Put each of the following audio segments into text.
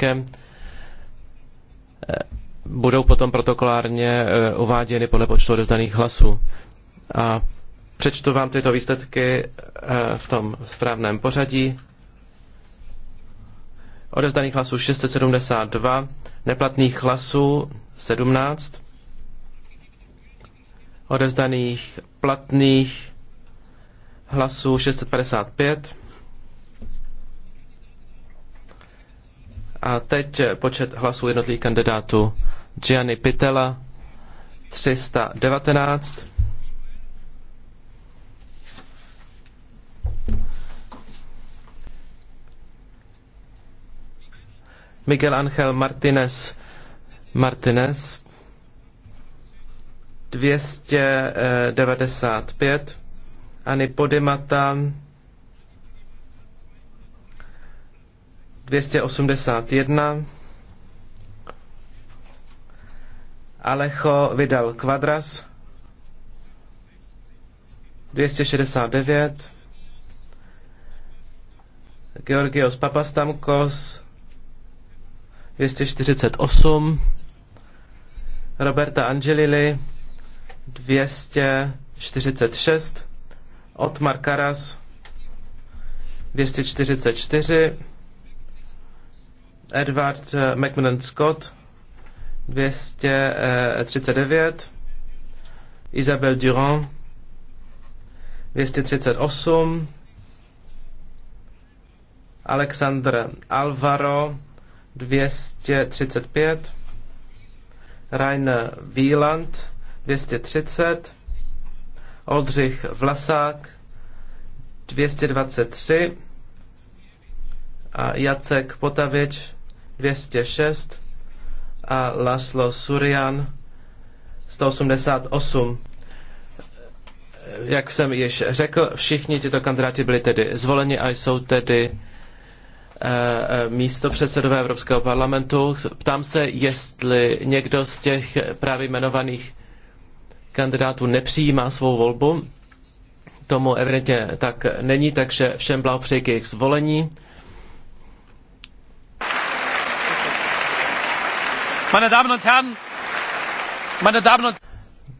také eh, budou potom protokolárně eh, uváděny podle počtu odevzdaných hlasů. A přečtu vám tyto výsledky eh, v tom správném pořadí. Odevzdaných hlasů 672, neplatných hlasů 17, odevzdaných platných hlasů 655, A teď počet hlasů jednotlivých kandidátů. Gianni Pitela 319. Miguel Angel Martinez Martinez 295 Ani Podimata 281. Alecho vydal Quadras 269. Georgios Papastamkos 248. Roberta Angelili 246. Otmar Karas 244. Edward eh, McMillan Scott 239, eh, Isabel Durand 238, Alexander Alvaro 235, Rainer Wieland 230, Oldřich Vlasák 223 a Jacek Potavěč 206 a Laslo Surian 188. Jak jsem již řekl, všichni tito kandidáti byli tedy zvoleni a jsou tedy eh, eh, místo předsedové Evropského parlamentu. Ptám se, jestli někdo z těch právě jmenovaných kandidátů nepřijímá svou volbu. Tomu evidentně tak není, takže všem blahopřeji k jejich zvolení.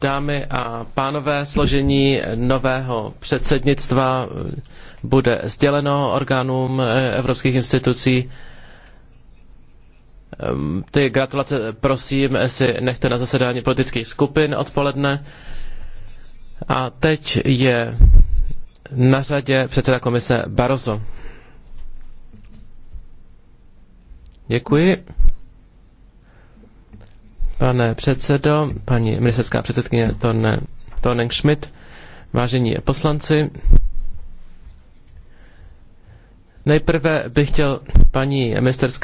Dámy a pánové, složení nového předsednictva bude sděleno orgánům eh, evropských institucí. Ehm, ty gratulace, prosím, eh, si nechte na zasedání politických skupin odpoledne. A teď je na řadě předseda komise Barroso. Děkuji. Pane předsedo, paní ministerská předsedkyně Tonen Schmidt, vážení poslanci, nejprve bych chtěl paní ministerské